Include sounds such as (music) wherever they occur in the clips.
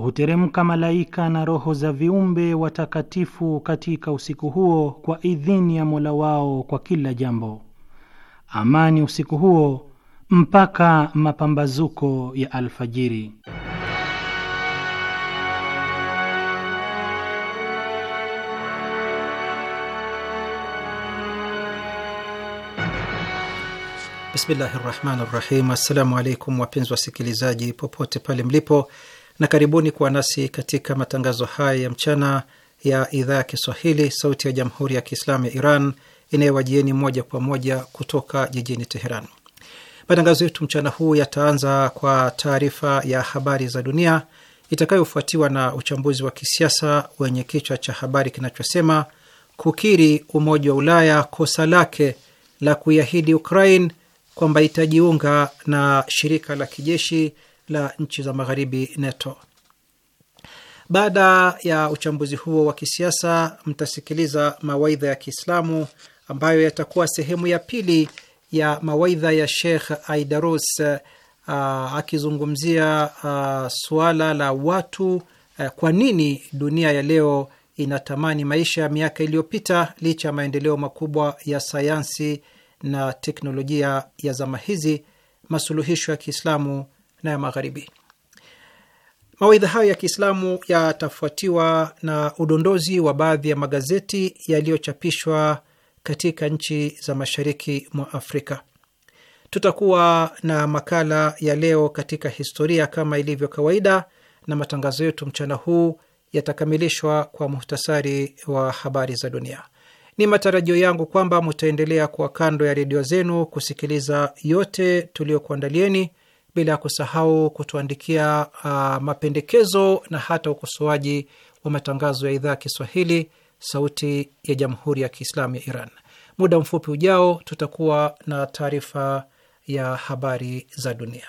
huteremka malaika na roho za viumbe watakatifu katika usiku huo kwa idhini ya Mola wao kwa kila jambo. Amani usiku huo mpaka mapambazuko ya alfajiri. Bismillahi rahmani rahim. Assalamu alaikum wapenzi wasikilizaji, popote pale mlipo na karibuni kuwa nasi katika matangazo haya ya mchana ya idhaa ya Kiswahili, Sauti ya Jamhuri ya Kiislamu ya Iran inayowajieni moja kwa moja kutoka jijini Teheran. Matangazo yetu mchana huu yataanza kwa taarifa ya habari za dunia itakayofuatiwa na uchambuzi wa kisiasa wenye kichwa cha habari kinachosema kukiri Umoja wa Ulaya kosa lake la kuiahidi Ukraine kwamba itajiunga na shirika la kijeshi la nchi za magharibi NATO. Baada ya uchambuzi huo wa kisiasa, mtasikiliza mawaidha ya Kiislamu ambayo yatakuwa sehemu ya pili ya mawaidha ya Sheikh Aidarus uh, akizungumzia uh, suala la watu uh, kwa nini dunia ya leo inatamani maisha ya miaka iliyopita licha ya maendeleo makubwa ya sayansi na teknolojia ya zama hizi, masuluhisho ya Kiislamu na ya magharibi. Mawaidha hayo ya Kiislamu yatafuatiwa na udondozi wa baadhi ya magazeti yaliyochapishwa katika nchi za mashariki mwa Afrika. Tutakuwa na makala ya leo katika historia kama ilivyo kawaida, na matangazo yetu mchana huu yatakamilishwa kwa muhtasari wa habari za dunia. Ni matarajio yangu kwamba mutaendelea kuwa kando ya redio zenu kusikiliza yote tuliyokuandalieni bila ya kusahau kutuandikia uh, mapendekezo na hata ukosoaji wa matangazo ya idhaa ya Kiswahili sauti ya jamhuri ya Kiislamu ya Iran. Muda mfupi ujao tutakuwa na taarifa ya habari za dunia.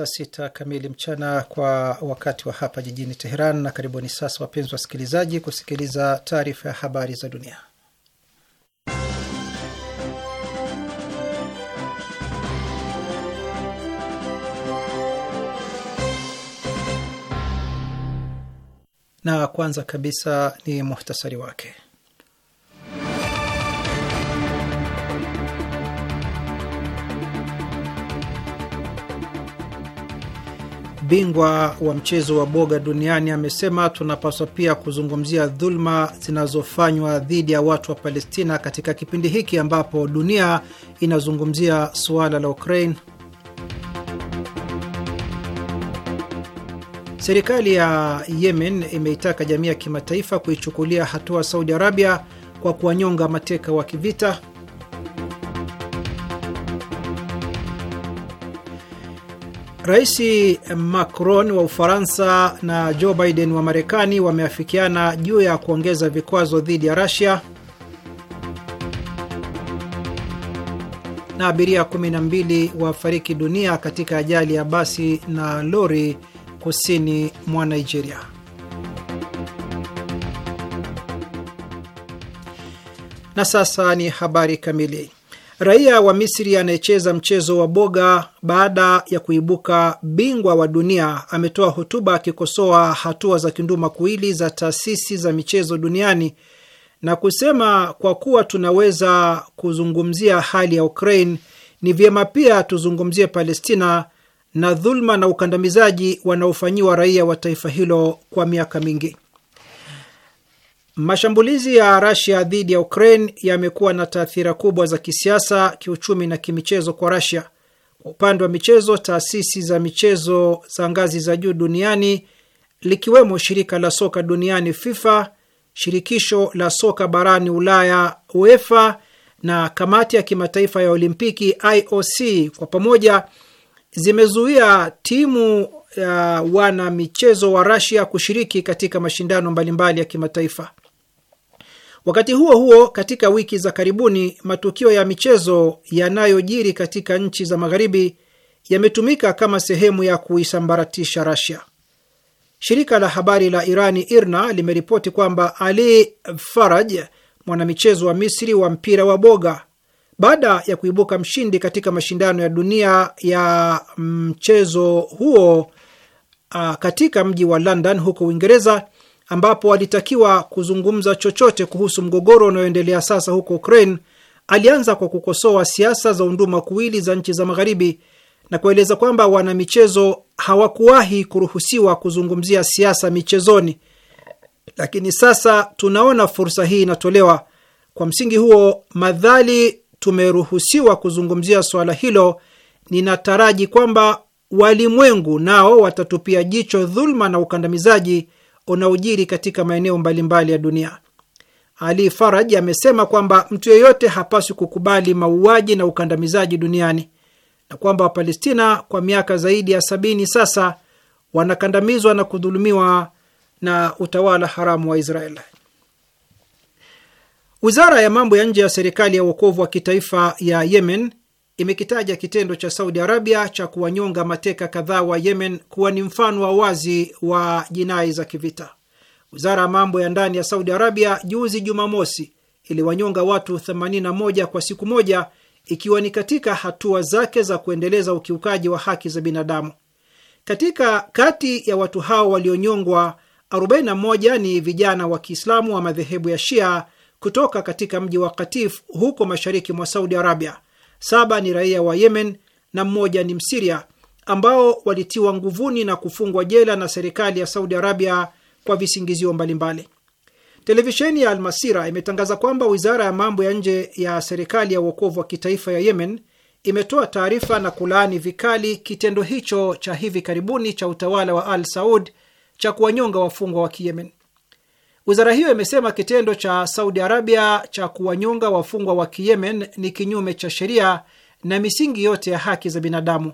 saa sita kamili mchana kwa wakati wa hapa jijini Teheran. Na karibuni sasa, wapenzi wasikilizaji, kusikiliza taarifa ya habari za dunia. Na kwanza kabisa ni muhtasari wake. bingwa wa mchezo wa boga duniani amesema tunapaswa pia kuzungumzia dhuluma zinazofanywa dhidi ya watu wa Palestina katika kipindi hiki ambapo dunia inazungumzia suala la Ukraine. Serikali ya Yemen imeitaka jamii ya kimataifa kuichukulia hatua Saudi Arabia kwa kuwanyonga mateka wa kivita. Rais Macron wa Ufaransa na Joe Biden wa Marekani wameafikiana juu ya kuongeza vikwazo dhidi ya Russia. Na abiria 12 wafariki dunia katika ajali ya basi na lori kusini mwa Nigeria. Na sasa ni habari kamili. Raia wa Misri anayecheza mchezo wa boga baada ya kuibuka bingwa wa dunia ametoa hotuba akikosoa hatua za kinduma kuili za taasisi za michezo duniani na kusema kwa kuwa tunaweza kuzungumzia hali ya Ukraine, ni vyema pia tuzungumzie Palestina na dhuluma na ukandamizaji wanaofanyiwa raia wa taifa hilo kwa miaka mingi. Mashambulizi ya Rasia dhidi ya Ukraine yamekuwa na taathira kubwa za kisiasa, kiuchumi na kimichezo kwa Rasia. Kwa upande wa michezo, taasisi za michezo za ngazi za juu duniani likiwemo shirika la soka duniani FIFA, shirikisho la soka barani Ulaya UEFA na kamati ya kimataifa ya Olimpiki IOC kwa pamoja zimezuia timu ya wana michezo wa Rasia kushiriki katika mashindano mbalimbali ya kimataifa. Wakati huo huo, katika wiki za karibuni matukio ya michezo yanayojiri katika nchi za magharibi yametumika kama sehemu ya kuisambaratisha Rasia. Shirika la habari la Irani IRNA limeripoti kwamba Ali Faraj, mwanamichezo wa Misri wa mpira wa boga, baada ya kuibuka mshindi katika mashindano ya dunia ya mchezo huo a, uh, katika mji wa London huko Uingereza, ambapo alitakiwa kuzungumza chochote kuhusu mgogoro unaoendelea sasa huko Ukraine, alianza kwa kukosoa siasa za unduma kuwili za nchi za Magharibi na kueleza kwamba wanamichezo hawakuwahi kuruhusiwa kuzungumzia siasa michezoni, lakini sasa tunaona fursa hii inatolewa. Kwa msingi huo, madhali tumeruhusiwa kuzungumzia suala hilo, ninataraji kwamba walimwengu nao watatupia jicho dhuluma na ukandamizaji unaojiri katika maeneo mbalimbali ya dunia. Ali Faraj amesema kwamba mtu yeyote hapaswi kukubali mauaji na ukandamizaji duniani na kwamba Wapalestina kwa miaka zaidi ya sabini sasa wanakandamizwa na kudhulumiwa na utawala haramu wa israel Wizara ya mambo ya nje ya serikali ya uokovu wa kitaifa ya Yemen imekitaja kitendo cha Saudi Arabia cha kuwanyonga mateka kadhaa wa Yemen kuwa ni mfano wa wazi wa jinai za kivita. Wizara ya mambo ya ndani ya Saudi Arabia juzi Jumamosi iliwanyonga watu 81 kwa siku moja, ikiwa ni katika hatua zake za kuendeleza ukiukaji wa haki za binadamu. Katika kati ya watu hao walionyongwa 41 ni vijana wa Kiislamu wa madhehebu ya Shia kutoka katika mji wa Katif huko mashariki mwa Saudi Arabia saba ni raia wa Yemen na mmoja ni Msiria, ambao walitiwa nguvuni na kufungwa jela na serikali ya Saudi Arabia kwa visingizio mbalimbali. Televisheni ya Almasira imetangaza kwamba wizara ya mambo ya nje ya serikali ya uokovu wa kitaifa ya Yemen imetoa taarifa na kulaani vikali kitendo hicho cha hivi karibuni cha utawala wa Al Saud cha kuwanyonga wafungwa wa Kiyemen. Wizara hiyo imesema kitendo cha Saudi Arabia cha kuwanyonga wafungwa wa Kiyemen ni kinyume cha sheria na misingi yote ya haki za binadamu,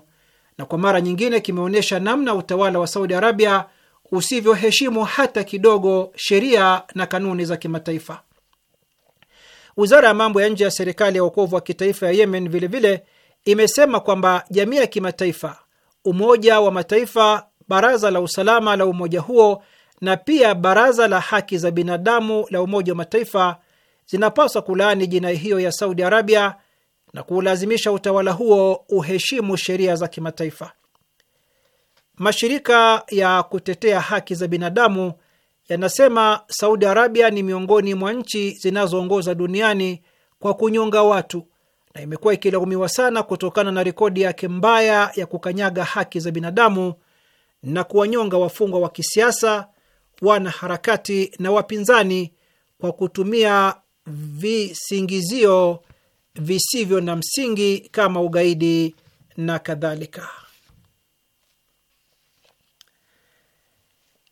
na kwa mara nyingine kimeonyesha namna utawala wa Saudi Arabia usivyoheshimu hata kidogo sheria na kanuni za kimataifa. Wizara ya mambo ya nje ya serikali ya wokovu wa kitaifa ya Yemen vilevile vile, imesema kwamba jamii ya kimataifa, Umoja wa Mataifa, Baraza la Usalama la umoja huo na pia Baraza la Haki za Binadamu la Umoja wa Mataifa zinapaswa kulaani jinai hiyo ya Saudi Arabia na kuulazimisha utawala huo uheshimu sheria za kimataifa. Mashirika ya kutetea haki za binadamu yanasema Saudi Arabia ni miongoni mwa nchi zinazoongoza duniani kwa kunyonga watu na imekuwa ikilaumiwa sana kutokana na rekodi yake mbaya ya kukanyaga haki za binadamu na kuwanyonga wafungwa wa kisiasa, wanaharakati na wapinzani kwa kutumia visingizio visivyo na msingi kama ugaidi na kadhalika.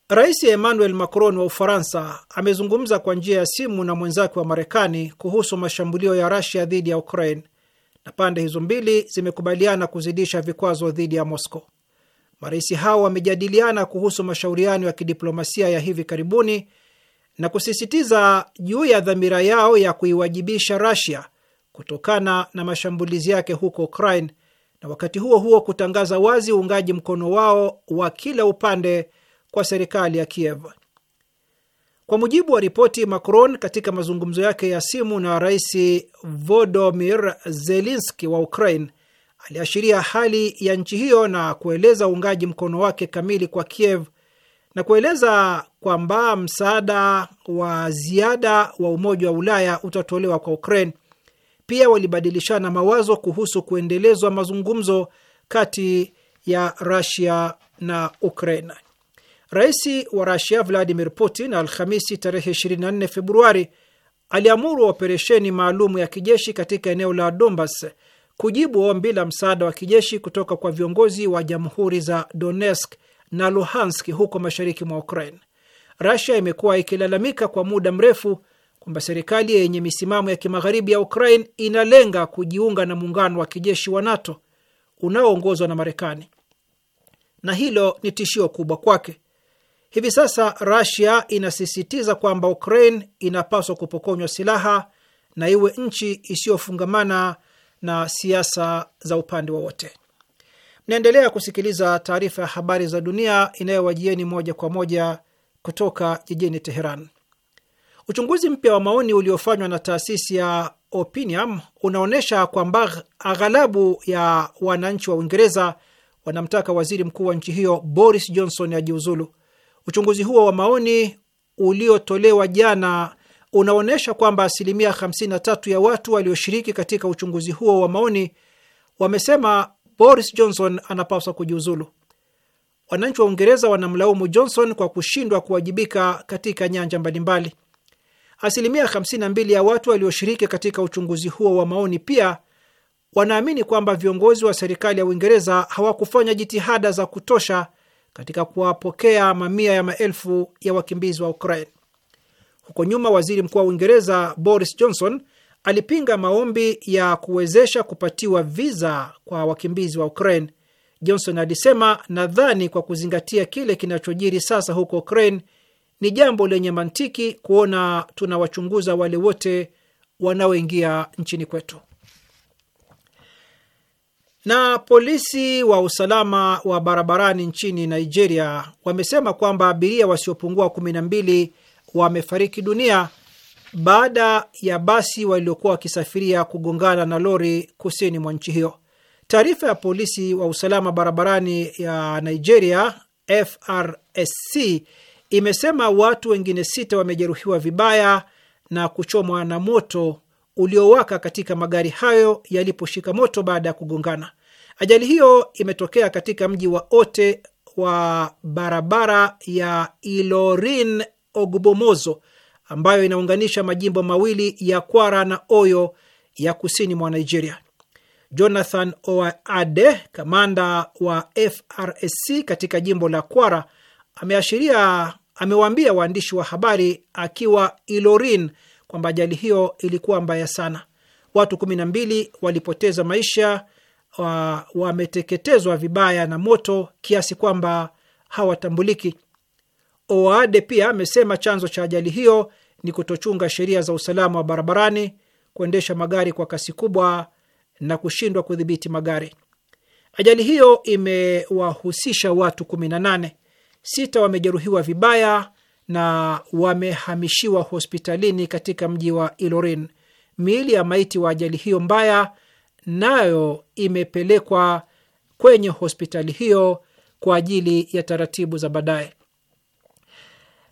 Rais Emmanuel Macron wa Ufaransa amezungumza kwa njia ya simu na mwenzake wa Marekani kuhusu mashambulio ya Rasia dhidi ya Ukraine na pande hizo mbili zimekubaliana kuzidisha vikwazo dhidi ya Moscow. Marais hao wamejadiliana kuhusu mashauriano ya kidiplomasia ya hivi karibuni na kusisitiza juu ya dhamira yao ya kuiwajibisha Russia kutokana na mashambulizi yake huko Ukraine na wakati huo huo kutangaza wazi uungaji mkono wao wa kila upande kwa serikali ya Kiev. Kwa mujibu wa ripoti, Macron katika mazungumzo yake ya simu na Rais Volodymyr Zelensky wa Ukraine aliashiria hali ya nchi hiyo na kueleza uungaji mkono wake kamili kwa Kiev na kueleza kwamba msaada wa ziada wa Umoja wa Ulaya utatolewa kwa Ukraine. Pia walibadilishana mawazo kuhusu kuendelezwa mazungumzo kati ya rasia na Ukraine. Rais wa rasia Vladimir Putin Alhamisi tarehe 24 Februari aliamuru operesheni maalum ya kijeshi katika eneo la Donbas kujibu ombi la msaada wa kijeshi kutoka kwa viongozi wa jamhuri za Donetsk na Luhansk huko mashariki mwa Ukraine. rasia imekuwa ikilalamika kwa muda mrefu kwamba serikali yenye misimamo ya kimagharibi ya Ukraine inalenga kujiunga na muungano wa kijeshi wa NATO unaoongozwa na Marekani, na hilo ni tishio kubwa kwake. Hivi sasa rasia inasisitiza kwamba Ukraine inapaswa kupokonywa silaha na iwe nchi isiyofungamana na siasa za upande wowote. Mnaendelea kusikiliza taarifa ya habari za dunia inayowajieni moja kwa moja kutoka jijini Teheran. Uchunguzi mpya wa maoni uliofanywa na taasisi ya Opinium unaonyesha kwamba aghalabu ya wananchi wa Uingereza wanamtaka waziri mkuu wa nchi hiyo Boris Johnson ajiuzulu. Uchunguzi huo wa maoni uliotolewa jana unaonyesha kwamba asilimia 53 ya watu walioshiriki katika uchunguzi huo wa maoni wamesema Boris Johnson anapaswa kujiuzulu. Wananchi wa Uingereza wanamlaumu Johnson kwa kushindwa kuwajibika katika nyanja mbalimbali. Asilimia 52 ya watu walioshiriki katika uchunguzi huo wa maoni pia wanaamini kwamba viongozi wa serikali ya Uingereza hawakufanya jitihada za kutosha katika kuwapokea mamia ya maelfu ya wakimbizi wa Ukraine. Huko nyuma, waziri mkuu wa Uingereza Boris Johnson alipinga maombi ya kuwezesha kupatiwa viza kwa wakimbizi wa Ukraine. Johnson alisema, nadhani kwa kuzingatia kile kinachojiri sasa huko Ukraine ni jambo lenye mantiki kuona tunawachunguza wale wote wanaoingia nchini kwetu. Na polisi wa usalama wa barabarani nchini Nigeria wamesema kwamba abiria wasiopungua kumi na mbili wamefariki dunia baada ya basi waliokuwa wakisafiria kugongana na lori kusini mwa nchi hiyo. Taarifa ya polisi wa usalama barabarani ya Nigeria FRSC imesema watu wengine sita wamejeruhiwa vibaya na kuchomwa na moto uliowaka katika magari hayo yaliposhika moto baada ya kugongana. Ajali hiyo imetokea katika mji wa Ote wa barabara ya Ilorin Ogbomozo ambayo inaunganisha majimbo mawili ya Kwara na Oyo ya kusini mwa Nigeria. Jonathan Oade, kamanda wa FRSC katika jimbo la Kwara, ameashiria amewaambia waandishi wa habari akiwa Ilorin kwamba ajali hiyo ilikuwa mbaya sana. Watu kumi na mbili walipoteza maisha, wameteketezwa vibaya na moto kiasi kwamba hawatambuliki. Oade pia amesema chanzo cha ajali hiyo ni kutochunga sheria za usalama wa barabarani, kuendesha magari kwa kasi kubwa na kushindwa kudhibiti magari. Ajali hiyo imewahusisha watu 18, sita wamejeruhiwa vibaya na wamehamishiwa hospitalini katika mji wa Ilorin. Miili ya maiti wa ajali hiyo mbaya nayo imepelekwa kwenye hospitali hiyo kwa ajili ya taratibu za baadaye.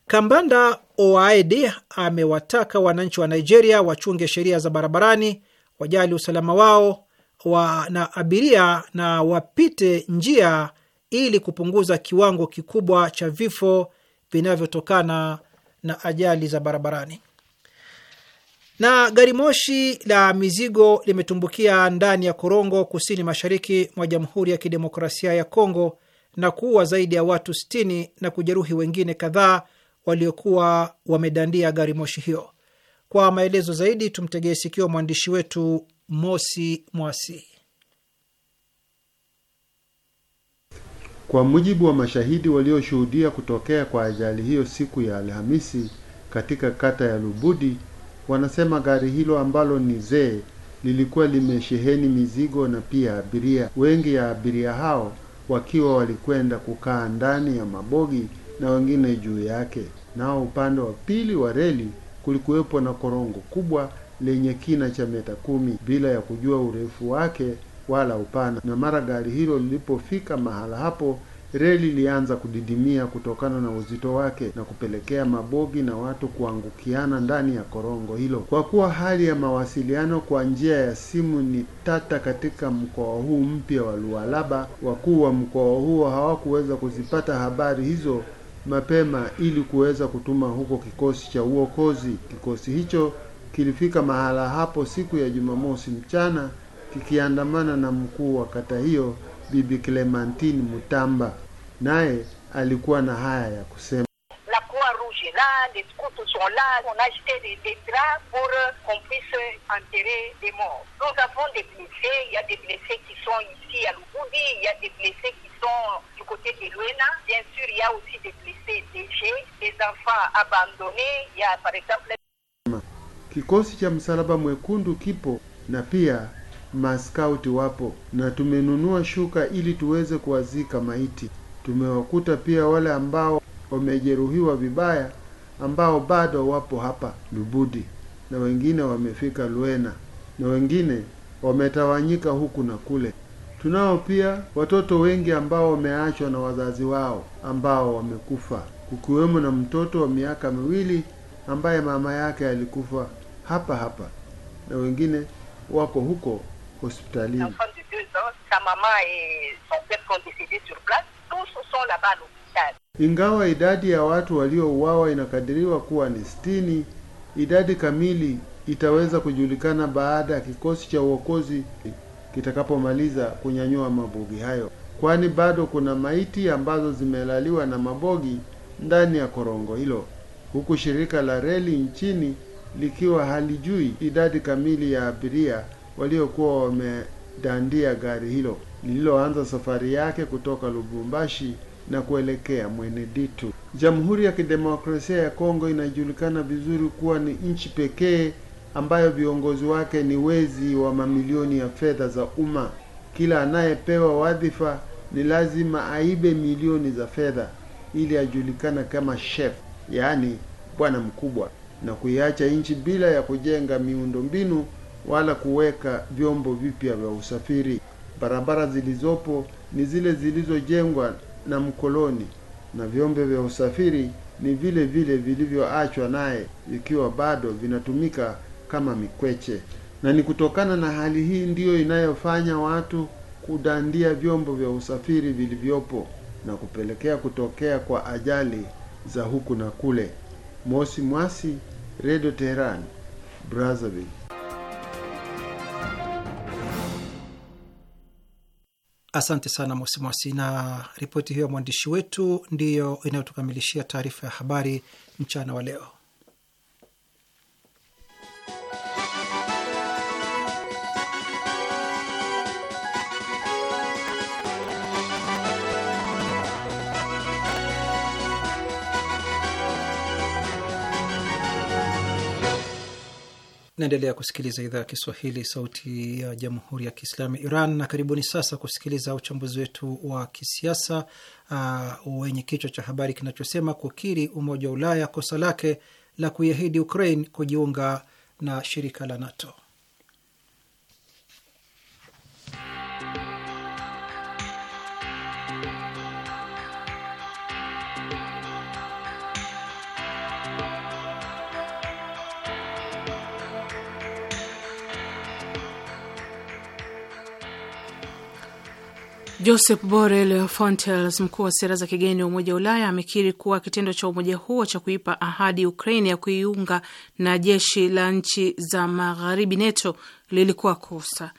Kambanda Oaed amewataka wananchi wa Nigeria wachunge sheria za barabarani, wajali usalama wao wa na abiria na wapite njia ili kupunguza kiwango kikubwa cha vifo vinavyotokana na ajali za barabarani. Na gari moshi la mizigo limetumbukia ndani ya korongo kusini mashariki mwa Jamhuri ya Kidemokrasia ya Kongo na kuua zaidi ya watu 60 na kujeruhi wengine kadhaa waliokuwa wamedandia gari moshi hiyo. Kwa maelezo zaidi, tumtegee sikio mwandishi wetu Mosi Mwasi. Kwa mujibu wa mashahidi walioshuhudia kutokea kwa ajali hiyo siku ya Alhamisi katika kata ya Lubudi, wanasema gari hilo ambalo ni zee lilikuwa limesheheni mizigo na pia abiria wengi, ya abiria hao wakiwa walikwenda kukaa ndani ya mabogi na wengine juu yake. Nao upande wa pili wa reli kulikuwepo na korongo kubwa lenye kina cha meta kumi bila ya kujua urefu wake wala upana, na mara gari hilo lilipofika mahala hapo reli ilianza kudidimia kutokana na uzito wake na kupelekea mabogi na watu kuangukiana ndani ya korongo hilo. Kwa kuwa hali ya mawasiliano kwa njia ya simu ni tata katika mkoa huu mpya wa Lualaba, wakuu wa mkoa huo hawakuweza kuzipata habari hizo mapema ili kuweza kutuma huko kikosi cha uokozi. Kikosi hicho kilifika mahala hapo siku ya Jumamosi mchana kikiandamana na mkuu wa kata hiyo Bibi Clementine Mutamba, naye alikuwa na haya ya kusema. là, des, des des des des des sont du côté de Luena. Bien sûr, il y a aussi des blessés légers, des enfants abandonnés. Il y a par exemple kikosi cha Msalaba Mwekundu kipo na pia maskauti wapo, na tumenunua shuka ili tuweze kuwazika maiti. Tumewakuta pia wale ambao wamejeruhiwa vibaya ambao bado wapo hapa Lubudi, na wengine wamefika Luena, na wengine wametawanyika huku na kule. Tunao pia watoto wengi ambao wameachwa na wazazi wao ambao wamekufa, kukiwemo na mtoto wa miaka miwili ambaye mama yake alikufa hapa hapa, na wengine wako huko hospitalini. Ingawa idadi ya watu waliouawa inakadiriwa kuwa ni sitini, idadi kamili itaweza kujulikana baada ya kikosi cha uokozi kitakapomaliza kunyanyua mabogi hayo, kwani bado kuna maiti ambazo zimelaliwa na mabogi ndani ya korongo hilo, huku shirika la reli nchini likiwa halijui idadi kamili ya abiria waliokuwa wamedandia gari hilo lililoanza safari yake kutoka Lubumbashi na kuelekea Mweneditu. Jamhuri ya Kidemokrasia ya Kongo inajulikana vizuri kuwa ni nchi pekee ambayo viongozi wake ni wezi wa mamilioni ya fedha za umma. Kila anayepewa wadhifa ni lazima aibe milioni za fedha ili ajulikana kama chef, yaani bwana mkubwa, na kuiacha nchi bila ya kujenga miundombinu wala kuweka vyombo vipya vya usafiri. Barabara zilizopo ni zile zilizojengwa na mkoloni na vyombo vya usafiri ni vile vile vilivyoachwa naye vikiwa bado vinatumika kama mikweche, na ni kutokana na hali hii ndiyo inayofanya watu kudandia vyombo vya usafiri vilivyopo na kupelekea kutokea kwa ajali za huku na kule. Mosi Mwasi, Redio Teheran, Brazzaville. Asante sana Mosi Mwasi, na ripoti hiyo ya mwandishi wetu ndiyo inayotukamilishia taarifa ya habari mchana wa leo. Naendelea kusikiliza idhaa ya Kiswahili, sauti ya jamhuri ya kiislamu Iran, na karibuni sasa kusikiliza uchambuzi wetu wa kisiasa uh, wenye kichwa cha habari kinachosema kukiri Umoja wa Ulaya kosa lake la kuiahidi Ukraine kujiunga na shirika la NATO. Joseph Borrell Fontels, mkuu wa sera za kigeni wa Umoja wa Ulaya, amekiri kuwa kitendo cha umoja huo cha kuipa ahadi ukrain ya kuiunga na jeshi la nchi za magharibi NATO lilikuwa kosa.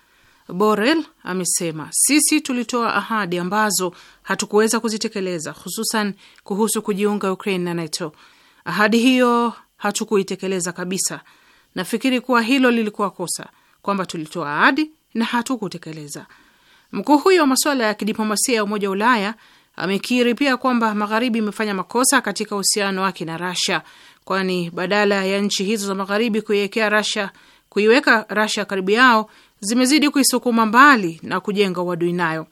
Borrell amesema, sisi tulitoa ahadi ambazo hatukuweza kuzitekeleza, hususan kuhusu kujiunga Ukraine na NATO. Ahadi hiyo hatukuitekeleza kabisa. Nafikiri kuwa hilo lilikuwa kosa, kwamba tulitoa ahadi na hatukutekeleza. Mkuu huyo wa masuala ya kidiplomasia ya Umoja wa Ulaya amekiri pia kwamba Magharibi imefanya makosa katika uhusiano wake na Rasha, kwani badala ya nchi hizo za Magharibi kuiwekea Rasha kuiweka Rasha karibu yao zimezidi kuisukuma mbali na kujenga uadui nayo.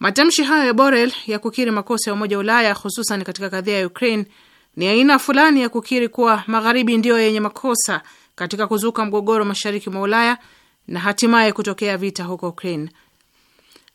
Matamshi hayo ya Borel ya kukiri makosa ya Umoja wa Ulaya hususan katika kadhia ya Ukraine ni aina fulani ya kukiri kuwa Magharibi ndiyo yenye makosa katika kuzuka mgogoro mashariki mwa Ulaya na hatimaye kutokea vita huko Ukraine.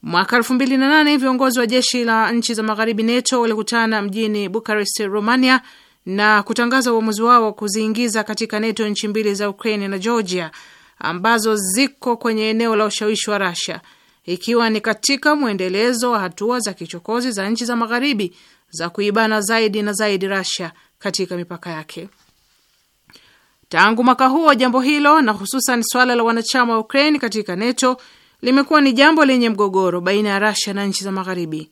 Mwaka nane viongozi wa jeshi la nchi za magharibi NATO walikutana mjini Bucharest, Romania, na kutangaza uamuzi wao wa kuziingiza katika NATO nchi mbili za Ukraine na Georgia ambazo ziko kwenye eneo la ushawishi wa rusia ikiwa ni katika mwendelezo wa hatua za kichokozi za nchi za magharibi za kuibana zaidi na zaidi rusia katika mipaka yake. Tangu mwaka huo, jambo hilo na hususan swala la wanachama wa Ukraine katika NATO limekuwa ni jambo lenye mgogoro baina ya Rasia na nchi za Magharibi.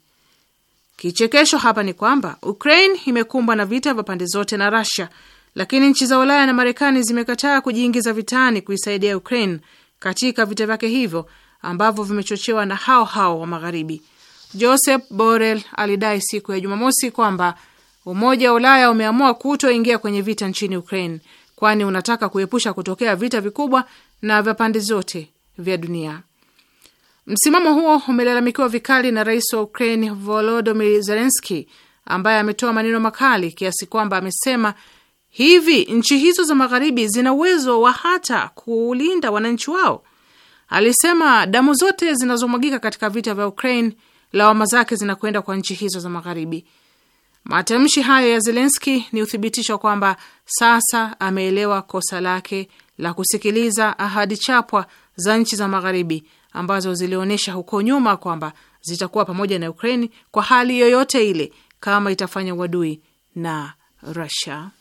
Kichekesho hapa ni kwamba Ukraine imekumbwa na vita vya pande zote na Rasia, lakini nchi za Ulaya na Marekani zimekataa kujiingiza vitani kuisaidia Ukraine katika vita vyake hivyo ambavyo vimechochewa na hao hao wa Magharibi. Joseph Borrell alidai siku ya Jumamosi kwamba Umoja wa Ulaya umeamua kutoingia kwenye vita nchini Ukraine, kwani unataka kuepusha kutokea vita vikubwa na vya pande zote vya dunia. Msimamo huo umelalamikiwa vikali na rais wa Ukraine Volodymyr Zelensky ambaye ametoa maneno makali kiasi kwamba amesema hivi nchi hizo za magharibi zina uwezo wa hata kulinda wananchi wao. Alisema damu zote zinazomwagika katika vita vya Ukraine lawama zake zinakwenda kwa nchi hizo za magharibi. Matamshi hayo ya Zelenski ni uthibitisho kwamba sasa ameelewa kosa lake la kusikiliza ahadi chapwa za nchi za magharibi ambazo zilionyesha huko nyuma kwamba zitakuwa pamoja na Ukraini kwa hali yoyote ile kama itafanya uadui na Rusia.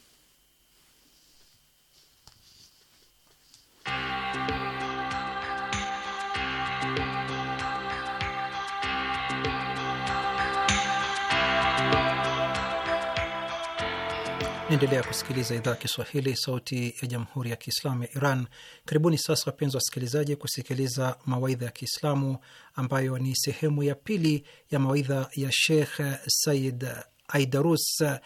Naendelea kusikiliza idhaa ya Kiswahili, sauti ya jamhuri ya kiislamu ya Iran. Karibuni sasa, wapenzi wasikilizaji, kusikiliza mawaidha ya Kiislamu ambayo ni sehemu ya pili ya mawaidha ya Sheikh Said Aidarus uh,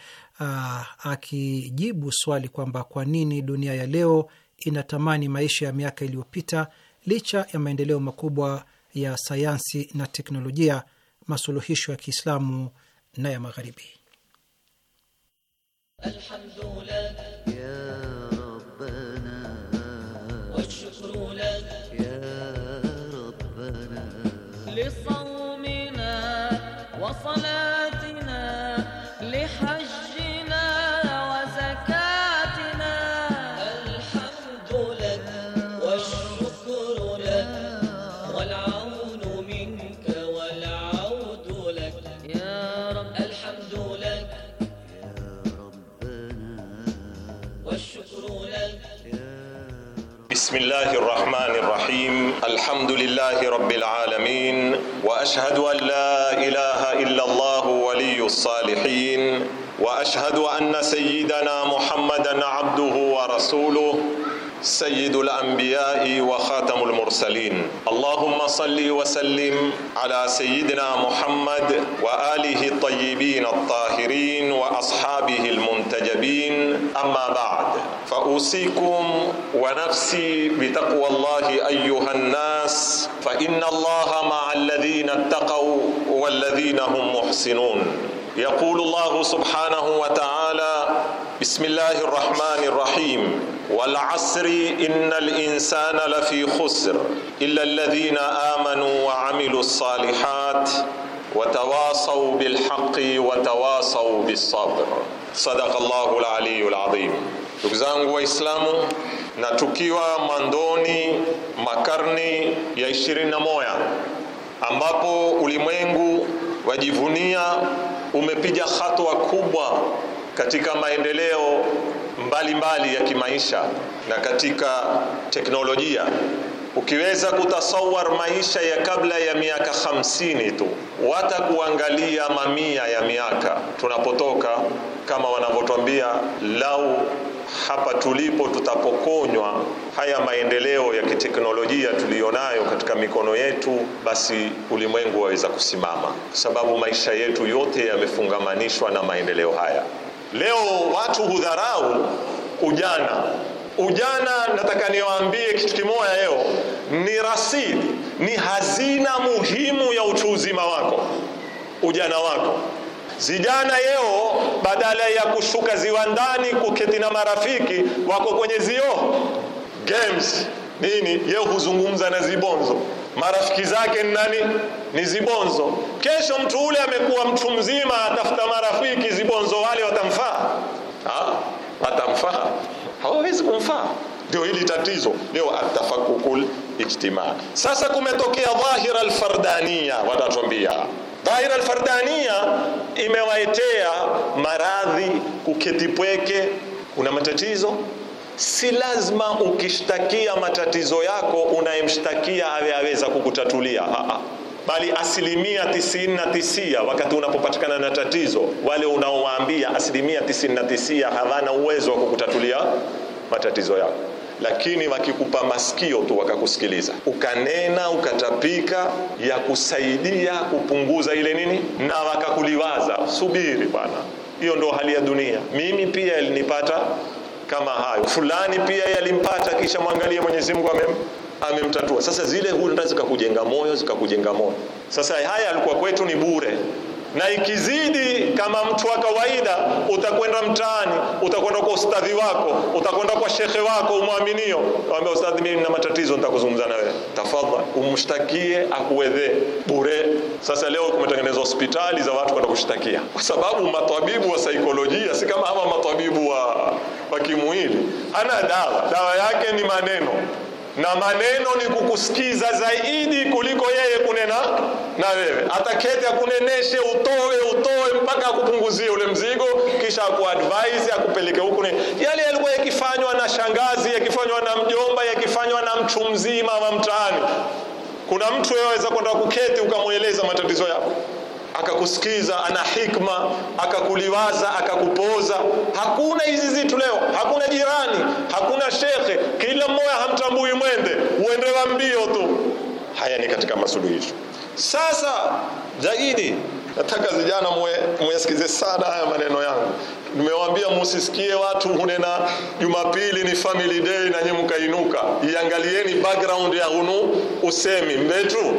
akijibu swali kwamba kwa nini dunia ya leo inatamani maisha ya miaka iliyopita licha ya maendeleo makubwa ya sayansi na teknolojia, masuluhisho ya Kiislamu na ya Magharibi. الحمد لله يا واشهد ان لا اله الا الله ولي الصالحين واشهد ان سيدنا محمدا عبده ورسوله سيد الانبياء وخاتم المرسلين اللهم صل وسلم على سيدنا محمد واله الطيبين الطاهرين واصحابه المنتجبين اما بعد فاوصيكم ونفسي بتقوى الله ايها الناس فان الله مع الذين اتقوا والذين هم محسنون يقول الله سبحانه وتعالى Bismillahi rrahmani rrahim. Wal asri innal insana lafi khusr illa alladhina amanu wa amilu salihat wa tawasaw bil haqqi wa tawasaw bis sabr. Ndugu zangu Waislamu, na tukiwa mwanzoni makarni ya ishirini na moya ambapo ulimwengu wajivunia umepija hatua kubwa katika maendeleo mbalimbali mbali ya kimaisha na katika teknolojia. Ukiweza kutasawar maisha ya kabla ya miaka hamsini tu, watakuangalia mamia ya miaka tunapotoka, kama wanavyotwambia lau hapa tulipo tutapokonywa haya maendeleo ya kiteknolojia tuliyonayo katika mikono yetu, basi ulimwengu waweza kusimama, kwa sababu maisha yetu yote yamefungamanishwa na maendeleo haya. Leo watu hudharau ujana. Ujana, nataka niwaambie kitu kimoja leo, ni rasidi, ni hazina muhimu ya utu uzima wako, ujana wako. Zijana leo badala ya kushuka ziwandani kuketi na marafiki wako kwenye zio games nini, yeo huzungumza na zibonzo marafiki zake ni nani? Ni zibonzo. Kesho mtu ule amekuwa mtu mzima, atafuta marafiki zibonzo, wale watamfaa? watamfaa hawawezi kumfaa. Ndio hili tatizo leo, atafakukul ijtima. Sasa kumetokea dhahira alfardania, wanatuambia dhahira alfardania imewaetea maradhi, kuketipweke kuna matatizo si lazima ukishtakia matatizo yako unayemshtakia awe aweza kukutatulia -ha. Ah, ah. bali asilimia tisini na tisia wakati unapopatikana na tatizo, wale unaowaambia asilimia tisini na tisia hawana uwezo wa kukutatulia matatizo yako, lakini wakikupa masikio tu wakakusikiliza, ukanena ukatapika ya kusaidia kupunguza ile nini, na wakakuliwaza, subiri bwana, hiyo ndo hali ya dunia. Mimi pia ilinipata kama hayo fulani pia yalimpata, kisha mwangalie Mwenyezi Mungu amem, amemtatua. Sasa zile huenda zikakujenga moyo zikakujenga moyo. Sasa haya alikuwa kwetu ni bure na ikizidi, kama mtu wa kawaida, utakwenda mtaani, utakwenda kwa ustadhi wako, utakwenda kwa shekhe wako umwaminio, waambia ustadhi, mimi nina matatizo, nitakuzungumza na wewe, tafadhali. Umshtakie akuwedhe bure. Sasa leo kumetengenezwa hospitali za watu kwenda kushtakia, kwa sababu matabibu wa saikolojia si kama hawa wa kimwili, hana dawa. Dawa yake ni maneno, na maneno ni kukusikiza zaidi kuliko yeye kunena na wewe. Ataketi akuneneshe, utoe utoe, mpaka akupunguzie ule mzigo, kisha akuadvise, akupeleke huku. Yale yalikuwa yakifanywa na shangazi, yakifanywa na mjomba, yakifanywa na mtu mzima wa mtaani. Kuna mtu yaweza kwenda kuketi ukamweleza matatizo yako akakusikiza, ana hikma, akakuliwaza, akakupoza. Hakuna hizi zitu leo, hakuna jirani, hakuna shekhe, kila mmoja hamtambui mwende, uendewa mbio tu. Haya ni katika masuluhisho. Sasa zaidi nataka vijana muyasikize sana haya maneno yangu. Nimewaambia musisikie watu hunena Jumapili ni family day na nyinyi mkainuka. Iangalieni background ya hunu usemi mbetu,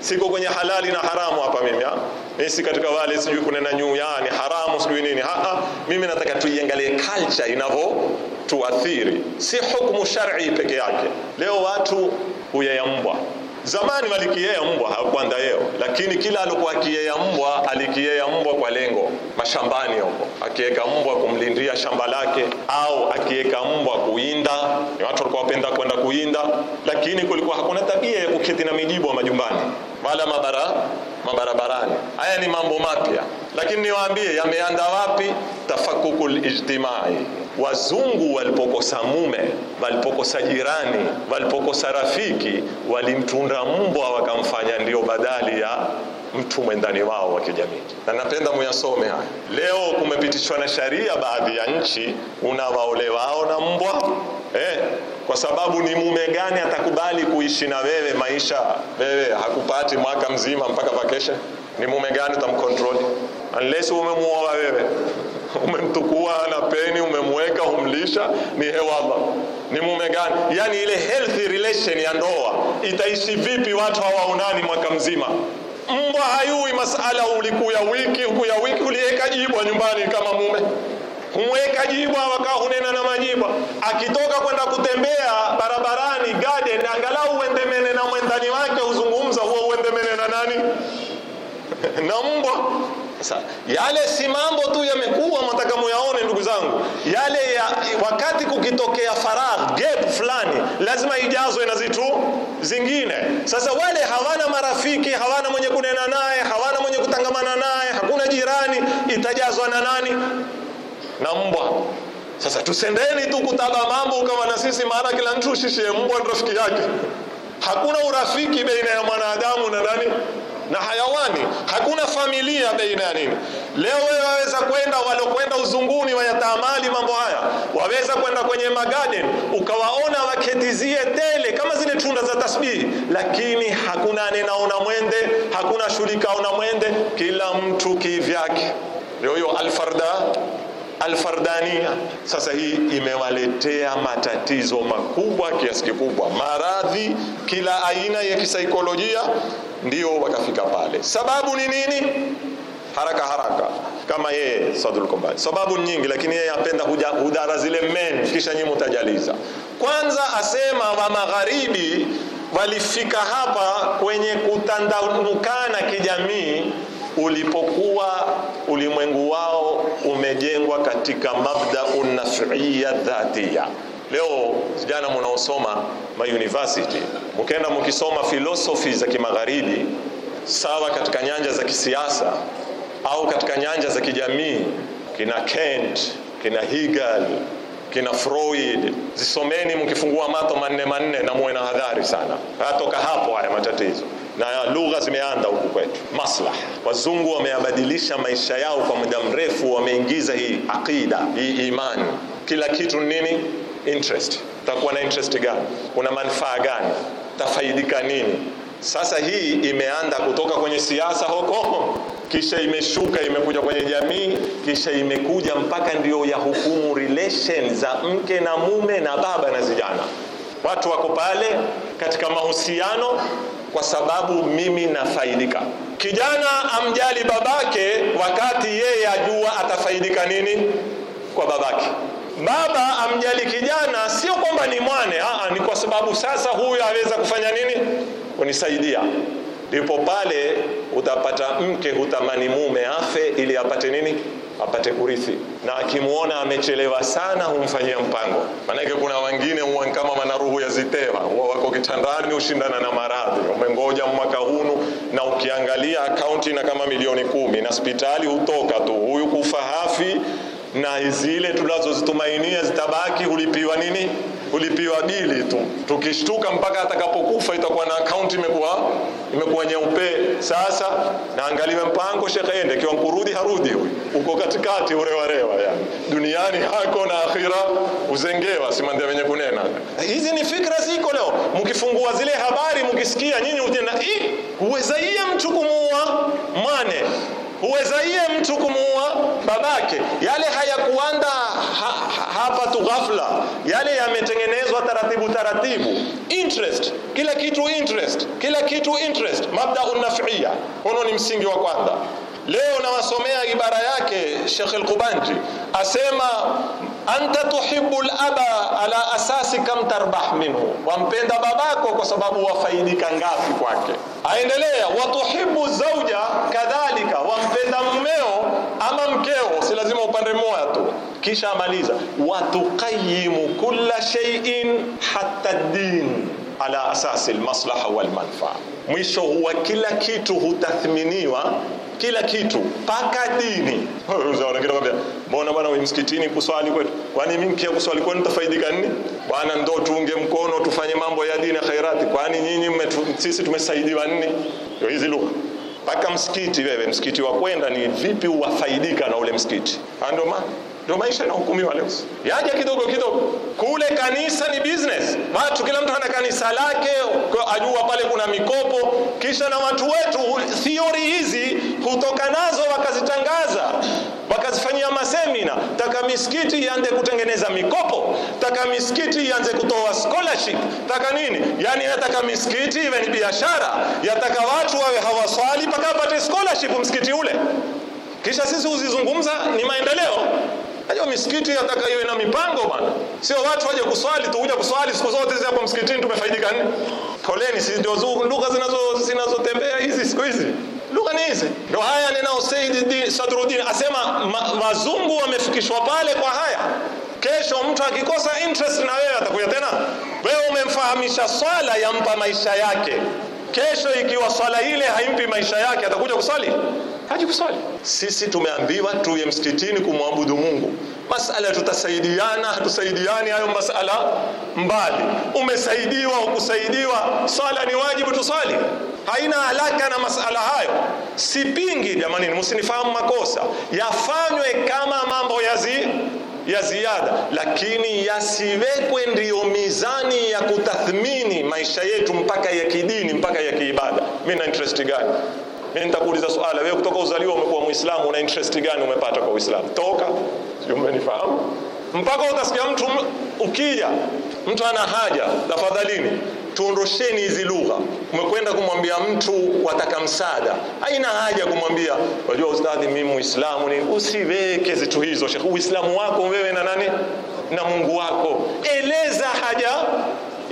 siko kwenye halali na haramu hapa mimi ha? isi katika wale sijui kuna na nyuya ni haramu sijui nini. Haa, mimi nataka tuiangalie culture inavyotuathiri, si hukumu shar'i peke yake. Leo watu huyaya mbwa Zamani walikiyea mbwa hakuanda yeo, lakini kila alikuwa akiyea mbwa alikiyea mbwa kwa lengo mashambani huko, akiweka mbwa kumlindia shamba lake, au akiweka mbwa kuinda. Ni watu walikuwa wapenda kwenda kuinda, lakini kulikuwa hakuna tabia ya kuketi na mijibu wa majumbani wala mabara mabarabarani. Haya ni mambo mapya, lakini niwaambie yameanza wapi? tafakuku ijtimai Wazungu walipokosa mume, walipokosa jirani, walipokosa rafiki, walimtunda mbwa wakamfanya ndio badali ya mtu mwendani wao wa kijamii, na napenda muyasome haya. Leo kumepitishwa na sharia baadhi ya nchi, unawaolewao na mbwa eh, kwa sababu ni mume gani atakubali kuishi na wewe maisha, wewe hakupati mwaka mzima mpaka vakeshe Ni mume gani utamcontrol? Unless umemuoa wewe (laughs) umemtukua na peni umemweka, humlisha, ni hewala, ni mume gani? Yani ile healthy relation ya ndoa itaishi vipi watu hawaonani mwaka mzima? mbwa hayui masala ulikuya wiki ukuya wiki uliweka jibwa nyumbani kama mume humweka jibwa wakaa hunena na majibwa akitoka kwenda kutembea barabarani garden angalau uendemene na mwendani wake huzungumza huwa uendemene na nani (laughs) na mbwa Sa, yale si mambo tu yamekuwa mwataka muyaone ndugu zangu, yale ya wakati kukitokea faragh gap fulani lazima ijazwe na zitu zingine. Sasa wale hawana marafiki, hawana mwenye kunena naye, hawana mwenye kutangamana naye, hakuna jirani, itajazwa na nani? Na mbwa. Sasa tusendeni tu kutaba mambo ukawa na sisi, maana kila mtu ushishie mbwa ni rafiki yake. Hakuna urafiki baina ya mwanadamu na nani na hayawani, hakuna familia baina ya nini. Leo wewe waweza kwenda, walokwenda uzunguni wayatamali mambo haya, waweza kwenda kwenye magarden ukawaona waketizie tele kama zile tunda za tasbihi, lakini hakuna anenaona mwende, hakuna shulikaona mwende, kila mtu kivyake. Leo hiyo alfarda alfardania sasa hii imewaletea matatizo makubwa kiasi kikubwa, maradhi kila aina ya kisaikolojia ndio wakafika pale. Sababu ni nini? Haraka haraka kama yeye Sadul Kombani, sababu nyingi, lakini yeye apenda hudara zile men, kisha nyi mutajaliza. Kwanza asema wa magharibi walifika hapa kwenye kutandamukana kijamii ulipokuwa ulimwengu wao umejengwa katika mabdau nafiia dhatia Leo vijana munaosoma ma university mkenda mkisoma philosophy za kimagharibi, sawa katika nyanja za kisiasa au katika nyanja za kijamii, kina kent kina Hegel, kina Freud, zisomeni mkifungua mato manne manne, na muwe na hadhari sana. Hayatoka hapo haya matatizo na lugha zimeanda huku kwetu, maslah Wazungu wameyabadilisha maisha yao kwa muda mrefu, wameingiza hii akida, hii imani, kila kitu nini interest. Utakuwa na interest gani? Una manufaa gani? Utafaidika nini? Sasa hii imeanda kutoka kwenye siasa huko, kisha imeshuka imekuja kwenye jamii, kisha imekuja mpaka ndio ya hukumu relation za mke na mume na baba na zijana Watu wako pale katika mahusiano kwa sababu mimi nafaidika. Kijana amjali babake wakati yeye ajua atafaidika nini kwa babake baba amjali kijana, sio kwamba ni mwane aa, ah, ah, ni kwa sababu sasa huyu aweza kufanya nini, kunisaidia. Ndipo pale utapata mke hutamani mume afe ili apate nini, apate kurithi. Na akimwona amechelewa sana humfanyia mpango, maanake kuna wengine huwa kama wanaruhu ya zitewa, huwa wako kitandani, hushindana na maradhi, umengoja mwaka hunu, na ukiangalia akaunti na kama milioni kumi na hospitali hutoka tu, huyu kufa hafi na zile tunazozitumainia zitabaki, hulipiwa nini? Hulipiwa bili tu. Tukishtuka mpaka atakapokufa itakuwa na akaunti imekuwa imekuwa nyeupe. Sasa naangalia mpango shekhe ende, kiwa kurudi harudi, huyu uko katikati, urewarewa yani duniani hako na akhira uzengewa, simandia wenye kunena. Hizi ni fikra ziko leo, mkifungua zile habari mkisikia nyinyi utenda, huwezaiye mtu kumuua mwane, huwezaiye mtu kumuua Babake yale hayakuanda ha, hapa tu ghafla, yale yametengenezwa taratibu taratibu. Interest, kila kitu interest, kila kitu interest, mabdau nafia. Huno ni msingi wa kwanza. Leo nawasomea ibara yake Sheikh Al-Qubanji asema anta tuhibu laba ala asasi kam tarbah minhu, wampenda babako kwa sababu wafaidika ngapi kwake. Aendelea, watuhibu zauja kadhalika, wampenda mmeo ama mkeo, si lazima upande mmoja tu. Kisha amaliza watuqayimu kulla shay'in hatta ddin ala asasi almaslaha walmanfaa Mwisho huwa kila kitu hutathminiwa kila kitu paka dini. Wanakwambia mbona bwana msikitini kuswali kwetu, kwani mimi nikia kuswali kwenu nitafaidika nini? Bwana ndo tuunge mkono tufanye mambo ya dini khairati, kwani nyinyi sisi tumesaidiwa nini? Ndio hizi lugha mpaka msikiti. Wewe msikiti wa kwenda ni vipi uwafaidika na ule msikiti? Ndio maana ndio maisha yanahukumiwa leo, yaja kidogo kidogo. Kule kanisa ni business, watu kila mtu ana kanisa lake, ajua pale kuna mikopo. Kisha na watu wetu theory hizi hutoka nazo wakazitangaza wakazifanyia masemina, taka misikiti ianze kutengeneza mikopo, taka misikiti ianze kutoa scholarship, taka nini, yani yataka misikiti iwe ni biashara, yataka watu wawe hawaswali mpaka scholarship msikiti ule. Kisha sisi huzizungumza ni maendeleo. Najua misikiti yataka iwe na mipango bwana, sio watu waje kuswali tu, kuja kuswali siku zote hizi hapo msikitini, tumefaidika nini? Poleni, si ndio lugha zinazo zinazotembea hizi siku hizi lugha ni hizi ndio haya ninao Said Sadruddin asema ma, wazungu wamefikishwa pale kwa haya. Kesho mtu akikosa interest na wewe atakuja tena, wewe umemfahamisha swala yampa maisha yake. Kesho ikiwa swala ile haimpi maisha yake, atakuja kusali haji kuswali. Sisi tumeambiwa tuye msikitini kumwabudu Mungu. Masala tutasaidiana, hatusaidiani, hayo masala mbali. Umesaidiwa, ukusaidiwa swala ni wajibu, tuswali haina halaka na masala hayo. Sipingi jamani, msinifahamu makosa, yafanywe kama mambo yazi ya ziada, lakini yasiwekwe ndiyo mizani ya kutathmini maisha yetu, mpaka ya kidini, mpaka ya kiibada. Mimi na interest gani? nitakuuliza swala, wewe kutoka uzaliwa umekuwa Muislamu, una interest gani umepata kwa Uislamu? Toka sio, umenifahamu? Mpaka utasikia mtu ukija, mtu ana haja, tafadhalini tuondosheni hizi lugha. Umekwenda kumwambia mtu wataka msaada, haina haja kumwambia unajua ustadhi, mimi muislamu ni. Usiweke zitu hizo shekhi. Uislamu wako wewe na nani na Mungu wako, eleza haja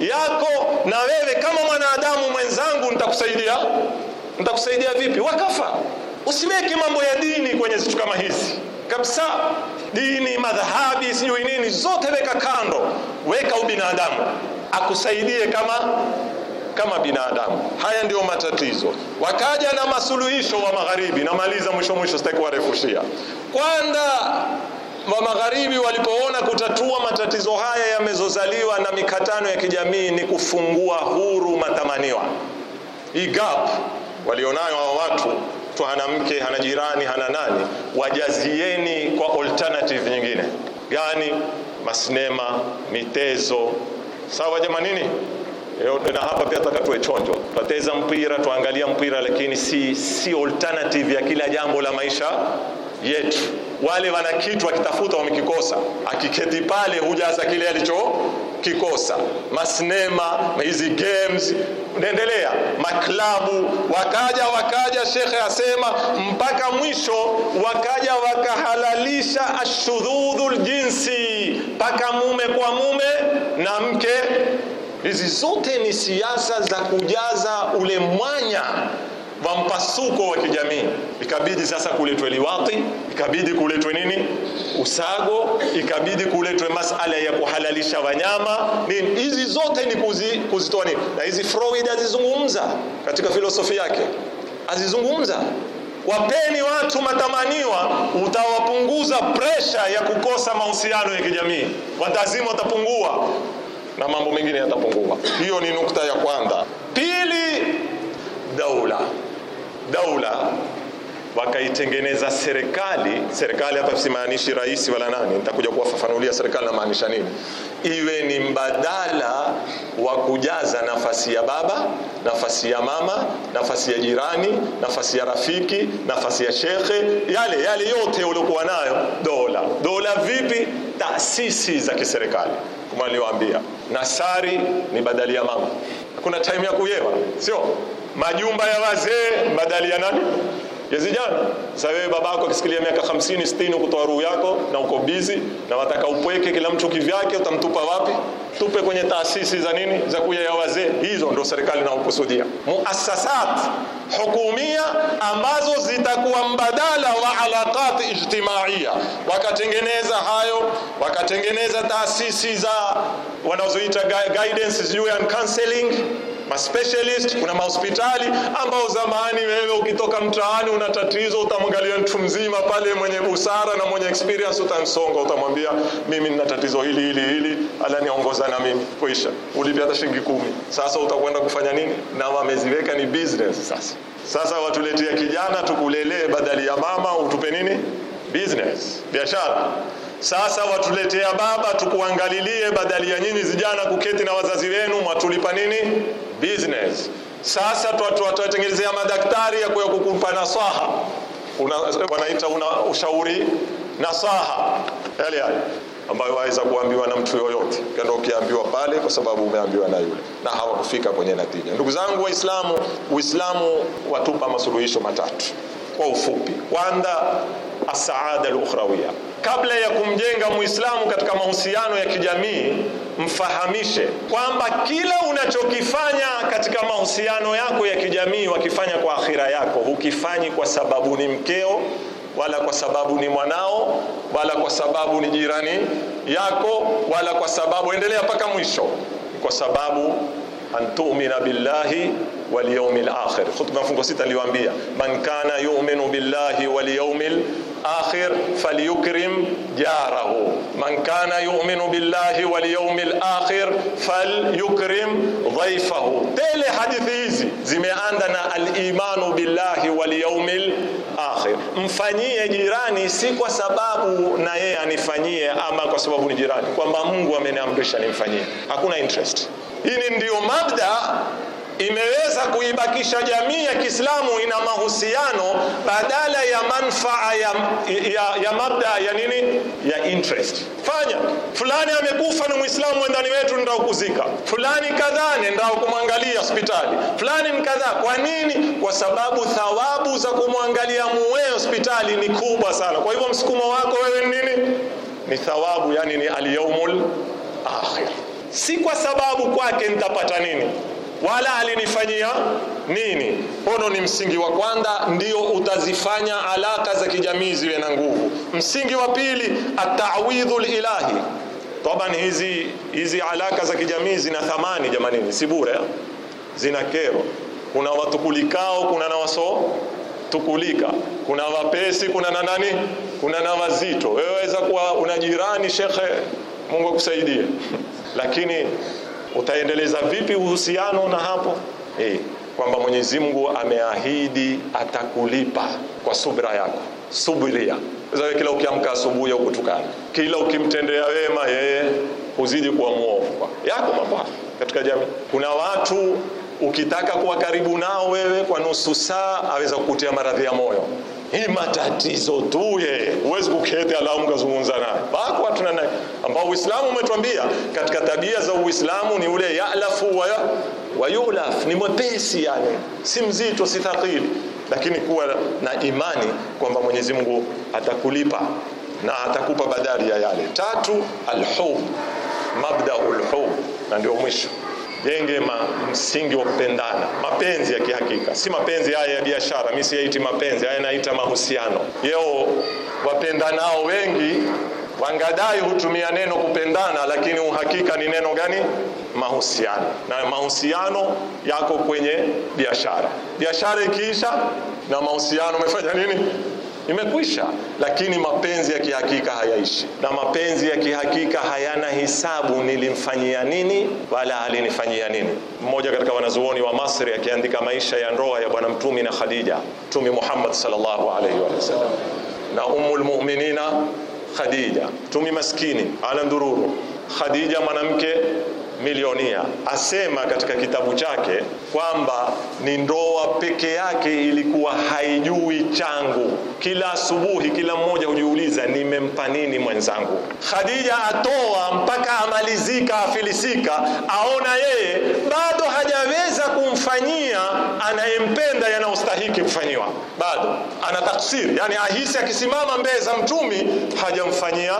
yako, na wewe kama mwanadamu mwenzangu nitakusaidia nitakusaidia vipi? Wakafa. Usiweke mambo ya dini kwenye zitu kama hizi kabisa. Dini, madhahabi, sijui nini, zote weka kando, weka ubinadamu, akusaidie kama kama binadamu. Haya ndiyo matatizo. Wakaja na masuluhisho wa magharibi, namaliza mwisho mwisho, sitaki kuwarefushia. Kwanza wa magharibi walipoona kutatua matatizo haya yamezozaliwa na mikatano ya kijamii ni kufungua huru matamaniwa, hii gap walionayo hao watu tu, hana mke hana jirani hana nani, wajazieni kwa alternative nyingine gani? Masinema, mitezo. Sawa jamanini, eh, na hapa pia taka tuwe chonjo, tutacheza mpira, tuangalia mpira, lakini si, si alternative ya kila jambo la maisha yetu. Wale wana kitu akitafuta wamekikosa, akiketi pale hujaza kile alichokikosa. Masinema, hizi games unaendelea maklabu wakaja wakaja, shekhe asema mpaka mwisho wakaja wakahalalisha ashudhudhu ljinsi, mpaka mume kwa mume na mke. Hizi zote ni siasa za kujaza ule mwanya wa mpasuko wa kijamii, ikabidi sasa kuletwe liwati, ikabidi kuletwe nini, usago, ikabidi kuletwe masala ya kuhalalisha wanyama nini. Hizi zote ni kuzi, kuzitoa nini, na hizi Freud azizungumza katika filosofia yake, azizungumza Wapeni watu matamaniwa, utawapunguza presha ya kukosa mahusiano ya kijamii, watazimu watapungua na mambo mengine yatapungua. Hiyo ni nukta ya kwanza. Pili, daula daula wakaitengeneza serikali. Serikali hapa simaanishi rais wala nani, nitakuja kuwafafanulia serikali namaanisha nini, iwe ni mbadala wa kujaza nafasi ya baba, nafasi ya mama, nafasi ya jirani, nafasi ya rafiki, nafasi ya shekhe, yale yale yote uliokuwa nayo dola. Dola vipi? Taasisi za kiserikali kama niliwaambia. Nasari ni badali ya mama. Kuna time ya kuyewa, sio majumba ya wazee badali ya nani ya vijana. Sasa wewe babako akisikilia miaka 50 60, kutoa roho yako na uko busy na wataka upweke kila mtu kivyake, utamtupa wapi? Tupe kwenye taasisi za nini za kuya ya wazee. Hizo ndio serikali inaokusudia, muassasat hukumia ambazo zitakuwa mbadala wa alaqat ijtimaia Wakatengeneza hayo, wakatengeneza taasisi za wanazoita guidance and counseling maspecialist, kuna mahospitali ambao zamani wewe ukitoka mtaani una tatizo, utamwangalia mtu mzima pale mwenye busara na mwenye experience, utamsonga, utamwambia mimi nina tatizo hili hili hili, alaniongoza na mimi kuisha, ulipe hata shilingi kumi. Sasa utakwenda kufanya nini? Na wameziweka ni business sasa. Sasa watuletea kijana tukulelee badali ya mama, utupe nini? Business, biashara. Sasa watuletea baba tukuangalilie, badali ya nyinyi zijana kuketi na wazazi wenu mwatulipa nini business. Sasa twatengenezea madaktari ya kuya kukupa nasaha, wanaita una ushauri nasaha, yale yale ambayo waweza kuambiwa na mtu yoyote, kando ukiambiwa pale, kwa sababu umeambiwa na yule, na hawakufika kwenye natija. Ndugu zangu Waislamu, Uislamu watupa masuluhisho matatu kwa ufupi. Kwanza asaada alukhrawia. Kabla ya kumjenga Muislamu katika mahusiano ya kijamii, mfahamishe kwamba kila unachokifanya katika mahusiano yako ya kijamii, wakifanya kwa akhira yako, hukifanyi kwa sababu ni mkeo wala kwa sababu ni mwanao wala kwa sababu ni jirani yako wala kwa sababu, endelea mpaka mwisho, kwa sababu antumina billahi wal yawmil akhir. Khutba mfungo sita niliwaambia, man kana yu'minu billahi wal yawmil akhir falyukrim jarahu, man kana yu'minu billahi wal yawmil akhir falyukrim dhaifahu. Tele hadithi hizi zimeanda na al-imanu billahi wal yawmil mfanyie jirani, si kwa sababu na yeye anifanyie ama kwa sababu ni jirani, kwamba Mungu ameniamrisha nimfanyie. Hakuna interest. Hii ndio mabda imeweza kuibakisha jamii ya Kiislamu ina mahusiano badala ya manfaa ya, ya, ya mabda ya nini ya interest. Fanya fulani amekufa na Muislamu wendani wetu, ndio kuzika fulani kadhaa, nenda kumwangalia hospitali fulani kadhaa. Kwa nini? Kwa sababu thawabu za kumwangalia muwe hospitali ni kubwa sana. Kwa hivyo msukumo wako wewe ni nini? Ni thawabu, yani ni alyaumul akhir, si kwa sababu kwake nitapata nini wala alinifanyia nini. Huno ni msingi wa kwanza, ndio utazifanya alaka za kijamii ziwe na nguvu. Msingi wa pili, atawidhu lilahi taban. Hizi hizi alaka za kijamii zina thamani jamanini, si bure, zina kero. Kuna watukulikao, kuna na waso tukulika kuna wapesi, kuna na nani, kuna na wazito. Wewe waweza kuwa una jirani shekhe, Mungu akusaidie, (laughs) lakini utaendeleza vipi uhusiano na hapo e, kwamba Mwenyezi Mungu ameahidi atakulipa kwa subra yako, subiria. Kila ukiamka asubuhi au kutukana, kila ukimtendea wema yeye huzidi kuwa muovu yako mambo katika jamii. Kuna watu ukitaka kuwa karibu nao wewe kwa nusu saa aweza kukutia maradhi ya moyo hii matatizo tuye, huwezi kuketi alafu mkazungumza naye bako hatuna naye, ambao Uislamu umetuambia katika tabia za Uislamu ni ule yalafu wa, ya, wa yulaf, ni mwepesi yani, si mzito si thaqili, lakini kuwa na imani kwamba Mwenyezi Mungu atakulipa na atakupa badari ya yale. Tatu, alhub, mabdau lhub na ndio mwisho tujenge msingi wa kupendana, mapenzi ya kihakika, si mapenzi haya ya biashara. Mimi siyaiti mapenzi haya, naita mahusiano. Leo wapendanao wengi wangadai hutumia neno kupendana, lakini uhakika ni neno gani? Mahusiano. Na mahusiano yako kwenye biashara, biashara ikiisha na mahusiano umefanya nini? imekwisha. Lakini mapenzi ya kihakika hayaishi, na mapenzi ya kihakika hayana hisabu, nilimfanyia nini wala alinifanyia nini. Mmoja katika wanazuoni wa Masri akiandika maisha ya ndoa ya Bwana mtumi na Khadija, mtumi Muhammad sallallahu na Ummul Khadija, mtumi maskini ala ndururu, Khadija mwanamke milionia asema katika kitabu chake kwamba ni ndoa peke yake ilikuwa haijui changu. Kila asubuhi, kila mmoja hujiuliza nimempa nini mwenzangu. Khadija atoa mpaka amalizika, afilisika, aona yeye bado hajaweza kumfanyia anayempenda yanayostahiki kufanyiwa, bado ana taksiri, yani ahisi akisimama mbele za mtumi hajamfanyia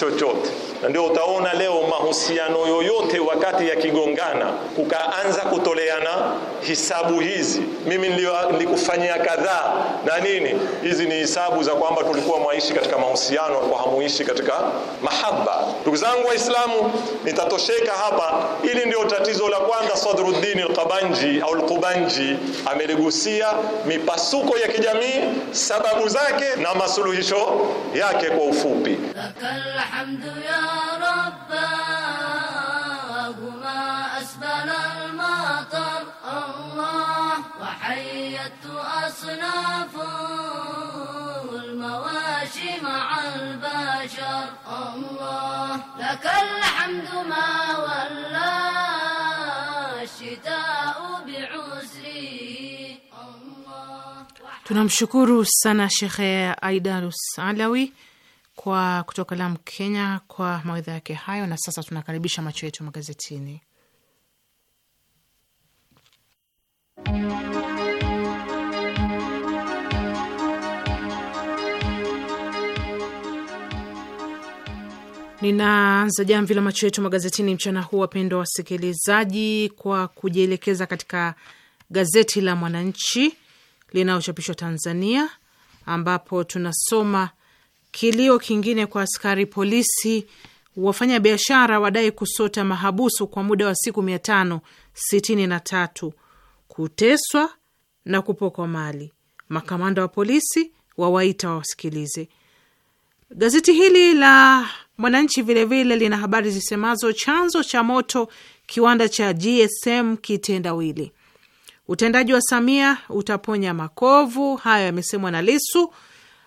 chochote, na ndio utaona leo mahusiano yoyote wakati yakigongana, kukaanza kutoleana hisabu hizi, mimi nilikufanyia kadhaa na nini. Hizi ni hisabu za kwamba tulikuwa mwaishi katika mahusiano, kwa hamuishi katika mahaba. Ndugu zangu Waislamu, nitatosheka hapa. Ili ndio tatizo la kwanza Sadruddin Alqabanji au al ameligusia, mipasuko ya kijamii, sababu zake na masuluhisho yake, kwa ufupi الحمد يا رباهما أسبل المطر الله وحيت أصناف المواشي مع البشر الله لك الحمد ما ولى الشتاء بعسره الله شكور السنة شيخ أيدالوس علوي kwa kutoka Lamu, Kenya, kwa mawaidha yake hayo. Na sasa tunakaribisha macho yetu magazetini. Ninaanza jamvi la macho yetu magazetini mchana huu, wapendwa wasikilizaji, kwa kujielekeza katika gazeti la Mwananchi linalochapishwa Tanzania, ambapo tunasoma Kilio kingine kwa askari polisi. Wafanya biashara wadai kusota mahabusu kwa muda wa siku mia tano sitini na tatu, kuteswa na kupokwa mali. Makamanda wa polisi wawaita wawasikilize. Gazeti hili la Mwananchi vilevile lina habari zisemazo chanzo cha moto kiwanda cha GSM kitendawili, utendaji wa Samia utaponya makovu. Hayo yamesemwa na Lisu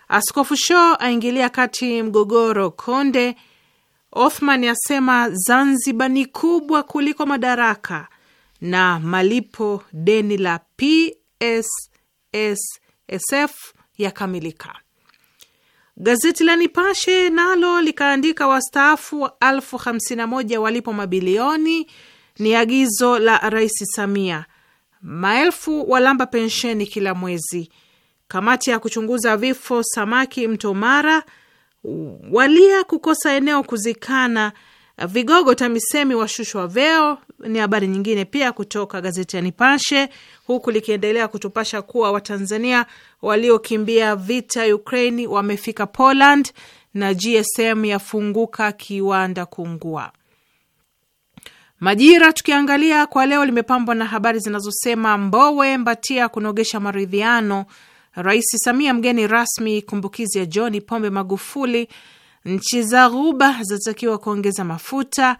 Askofu Shoo aingilia kati mgogoro Konde. Othman asema Zanzibar ni kubwa kuliko madaraka, na malipo deni la PSSSF yakamilika. Gazeti la Nipashe nalo likaandika wastaafu elfu hamsini na moja walipo mabilioni, ni agizo la Rais Samia. Maelfu walamba pensheni kila mwezi. Kamati ya kuchunguza vifo samaki mto Mara walia kukosa eneo kuzikana. Vigogo TAMISEMI washushwa vyeo, ni habari nyingine pia kutoka gazeti ya Nipashe, huku likiendelea kutupasha kuwa Watanzania waliokimbia vita Ukraini wamefika Poland na GSM yafunguka kiwanda kungua. Majira tukiangalia kwa leo limepambwa na habari zinazosema Mbowe Mbatia kunogesha maridhiano Rais Samia mgeni rasmi kumbukizi ya John Pombe Magufuli. Nchi za Ghuba zinatakiwa kuongeza mafuta.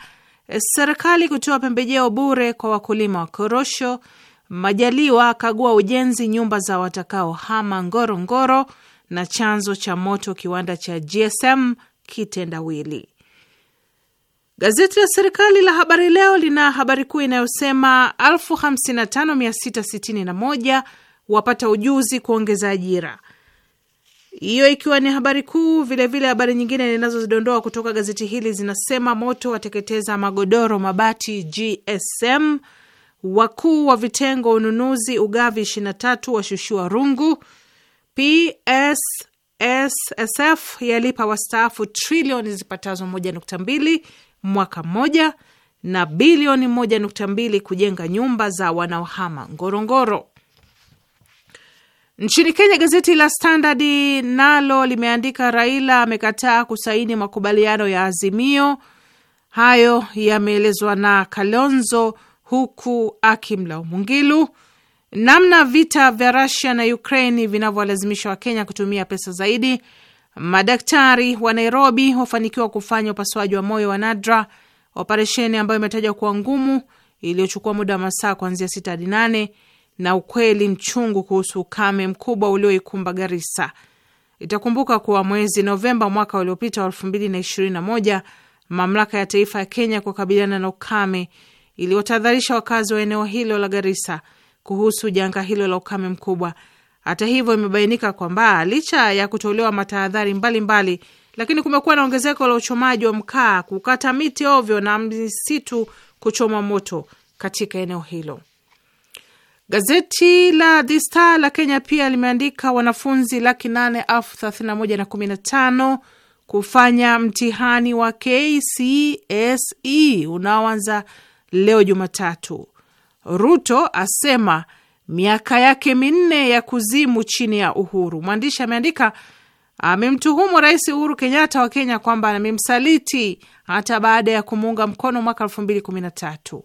Serikali kutoa pembejeo bure kwa wakulima wa korosho. Majaliwa akagua ujenzi nyumba za watakaohama Ngorongoro, na chanzo cha moto kiwanda cha GSM kitendawili. Gazeti la serikali la Habari Leo lina habari kuu inayosema 55661 wapata ujuzi kuongeza ajira. Hiyo ikiwa ni habari kuu. Vilevile, habari nyingine ninazozidondoa kutoka gazeti hili zinasema moto wateketeza magodoro mabati GSM, wakuu wa vitengo ununuzi ugavi 23 washushiwa rungu, PSSSF yalipa wastaafu trilioni zipatazo 1.2 mwaka mmoja na bilioni 1.2 kujenga nyumba za wanaohama Ngorongoro. Nchini Kenya, gazeti la Standard nalo limeandika Raila amekataa kusaini makubaliano ya Azimio. Hayo yameelezwa na Kalonzo huku akimlaumu Ngilu. Namna vita vya Rusia na Ukraini vinavyowalazimisha Wakenya kutumia pesa zaidi. Madaktari wa Nairobi wafanikiwa kufanya upasuaji wa moyo wa nadra, operesheni ambayo imetajwa kuwa ngumu, iliyochukua muda wa masaa kuanzia sita hadi nane na ukweli mchungu kuhusu ukame mkubwa ulioikumba Garissa. Itakumbuka kuwa mwezi Novemba mwaka uliopita wa 2021 mamlaka ya taifa ya Kenya kukabiliana na ukame iliwatahadharisha wakazi wa eneo hilo la Garissa kuhusu janga hilo la ukame mkubwa. Hata hivyo, imebainika kwamba licha ya kutolewa matahadhari mbalimbali, lakini kumekuwa na ongezeko la uchomaji wa mkaa, kukata miti ovyo na msitu kuchoma moto katika eneo hilo. Gazeti la The Star la Kenya pia limeandika wanafunzi laki nane elfu thelathini na moja na kumi na tano kufanya mtihani wa KCSE unaoanza leo Jumatatu. Ruto asema miaka yake minne ya kuzimu chini ya Uhuru. Mwandishi ameandika amemtuhumu Rais Uhuru Kenyatta wa Kenya kwamba amemsaliti hata baada ya kumuunga mkono mwaka elfu mbili kumi na tatu.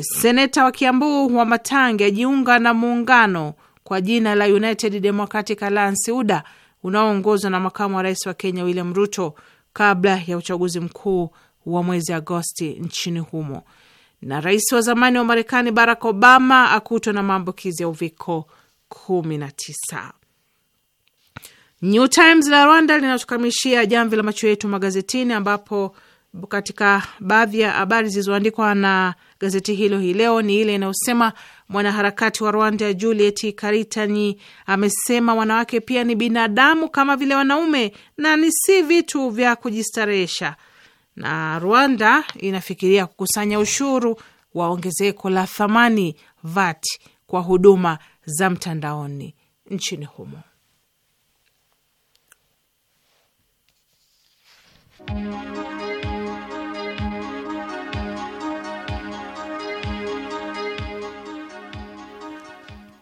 Seneta wa Kiambu wa Matangi ajiunga na muungano kwa jina la United Democratic Alliance UDA unaoongozwa na makamu wa rais wa Kenya William Ruto kabla ya uchaguzi mkuu wa mwezi Agosti nchini humo. Na rais wa zamani wa Marekani Barack Obama akutwa na maambukizi ya uviko 19. New Times la Rwanda linatukamishia jamvi la macho yetu magazetini ambapo katika baadhi ya habari zilizoandikwa na gazeti hilo hii leo ni ile inayosema mwanaharakati wa Rwanda Juliet Karitani amesema wanawake pia ni binadamu kama vile wanaume na ni si vitu vya kujistarehesha. Na Rwanda inafikiria kukusanya ushuru wa ongezeko la thamani VAT kwa huduma za mtandaoni nchini humo.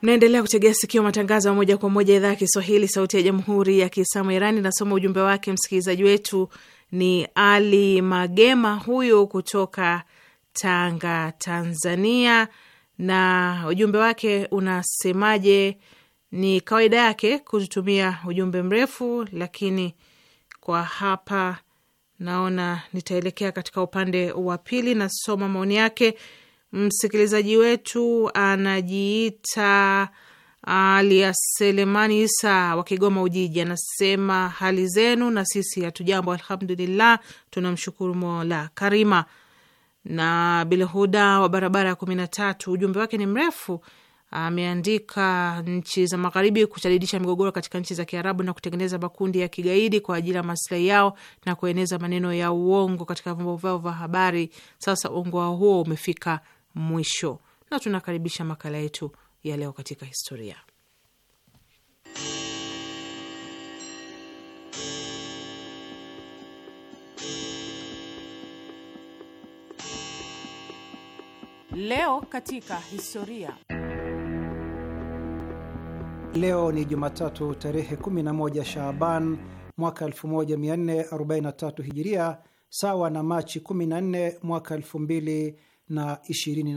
Mnaendelea kutegea sikio matangazo ya moja kwa moja idhaa ya Kiswahili, sauti ya jamhuri ya kiislamu Irani. Nasoma ujumbe wake msikilizaji wetu ni Ali Magema, huyu kutoka Tanga, Tanzania, na ujumbe wake unasemaje? Ni kawaida yake kututumia ujumbe mrefu, lakini kwa hapa naona nitaelekea katika upande wa pili. Nasoma maoni yake Msikilizaji wetu anajiita Alia ah, Selemani Isa wa Kigoma Ujiji anasema hali zenu na sisi hatujambo, alhamdulillah, tunamshukuru Mola Karima. Na Bilhuda wa barabara ya kumi na tatu, ujumbe wake ni mrefu, ameandika nchi za magharibi kushadidisha migogoro katika nchi za Kiarabu na kutengeneza makundi ya kigaidi kwa ajili ya maslahi yao na kueneza maneno ya uongo katika vyombo vyao vya habari. Sasa uongo huo umefika mwisho, na tunakaribisha makala yetu ya leo katika historia. Leo katika historia. Leo ni Jumatatu tarehe 11 Shaaban mwaka 1443 Hijiria, sawa na Machi 14 mwaka na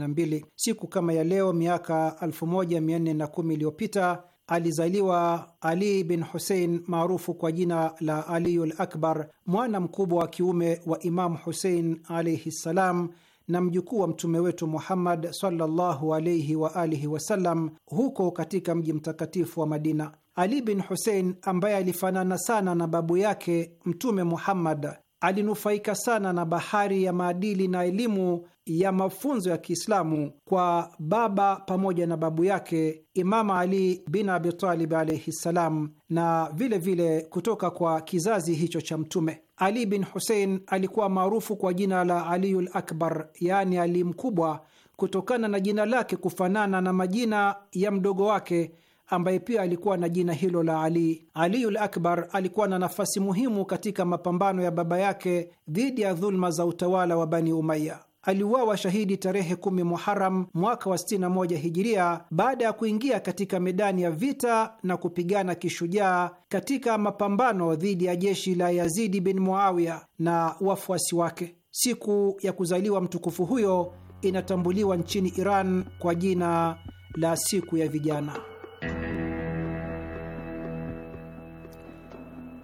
mbili. Siku kama ya leo miaka 1410 iliyopita alizaliwa Ali bin Husein maarufu kwa jina la Aliyul Akbar, mwana mkubwa wa kiume wa Imamu Husein alaihi ssalam na mjukuu wa mtume wetu Muhammad sallallahu alaihi wa alihi wasallam huko katika mji mtakatifu wa Madina. Ali bin Husein ambaye alifanana sana na babu yake Mtume Muhammad alinufaika sana na bahari ya maadili na elimu ya mafunzo ya Kiislamu kwa baba pamoja na babu yake imama Ali bin Abi Talib alaihi ssalam, na vilevile vile kutoka kwa kizazi hicho cha Mtume. Ali bin Husein alikuwa maarufu kwa jina la Aliyul Akbar, yaani Ali Mkubwa, kutokana na jina lake kufanana na majina ya mdogo wake ambaye pia alikuwa na jina hilo la Ali. Aliyul Akbar alikuwa na nafasi muhimu katika mapambano ya baba yake dhidi ya dhuluma za utawala wa Bani Umaya aliuawa shahidi tarehe kumi Muharam mwaka wa 61 hijiria baada ya kuingia katika medani ya vita na kupigana kishujaa katika mapambano dhidi ya jeshi la Yazidi bin Muawiya na wafuasi wake. Siku ya kuzaliwa mtukufu huyo inatambuliwa nchini Iran kwa jina la siku ya vijana.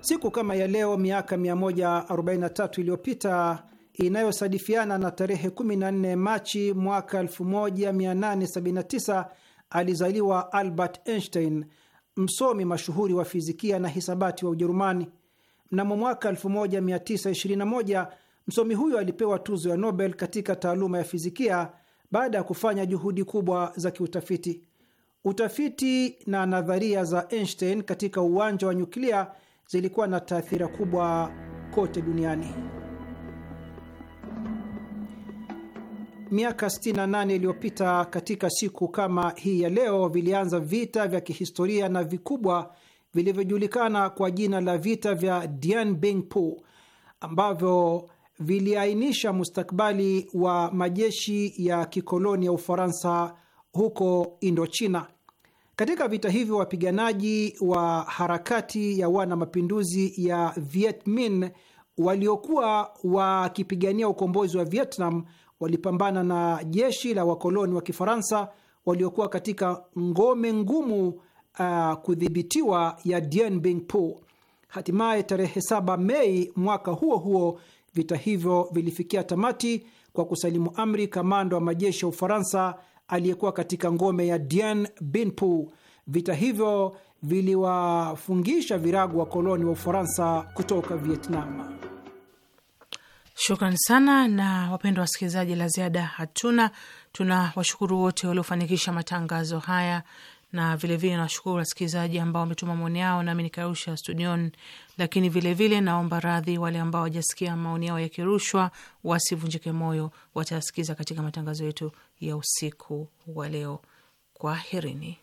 Siku kama ya leo miaka 143 iliyopita inayosadifiana na tarehe 14 Machi mwaka 1879 alizaliwa Albert Einstein, msomi mashuhuri wa fizikia na hisabati wa Ujerumani. Mnamo mwaka 1921 msomi huyo alipewa tuzo ya Nobel katika taaluma ya fizikia baada ya kufanya juhudi kubwa za kiutafiti. Utafiti na nadharia za Einstein katika uwanja wa nyuklia zilikuwa na taathira kubwa kote duniani. miaka 68 iliyopita katika siku kama hii ya leo vilianza vita vya kihistoria na vikubwa vilivyojulikana kwa jina la vita vya Dien Bien Phu ambavyo viliainisha mustakabali wa majeshi ya kikoloni ya Ufaransa huko Indochina. Katika vita hivyo wapiganaji wa harakati ya wana mapinduzi ya Viet Minh waliokuwa wakipigania ukombozi wa Vietnam walipambana na jeshi la wakoloni wa Kifaransa waliokuwa katika ngome ngumu uh, kudhibitiwa ya Dien Bien Phu. Hatimaye tarehe 7 Mei mwaka huo huo vita hivyo vilifikia tamati kwa kusalimu amri kamanda wa majeshi ya Ufaransa aliyekuwa katika ngome ya Dien Bien Phu. Vita hivyo viliwafungisha virago wakoloni wa Ufaransa kutoka Vietnam. Shukran sana na wapendwa wasikilizaji, la ziada hatuna. Tuna washukuru wote waliofanikisha matangazo haya na vilevile nawashukuru wasikilizaji ambao wametuma maoni yao nami nikarusha studioni, lakini vilevile naomba radhi wale ambao wajasikia maoni yao yakirushwa, wasivunjike moyo, watasikiza katika matangazo yetu ya usiku wa leo. Kwaherini.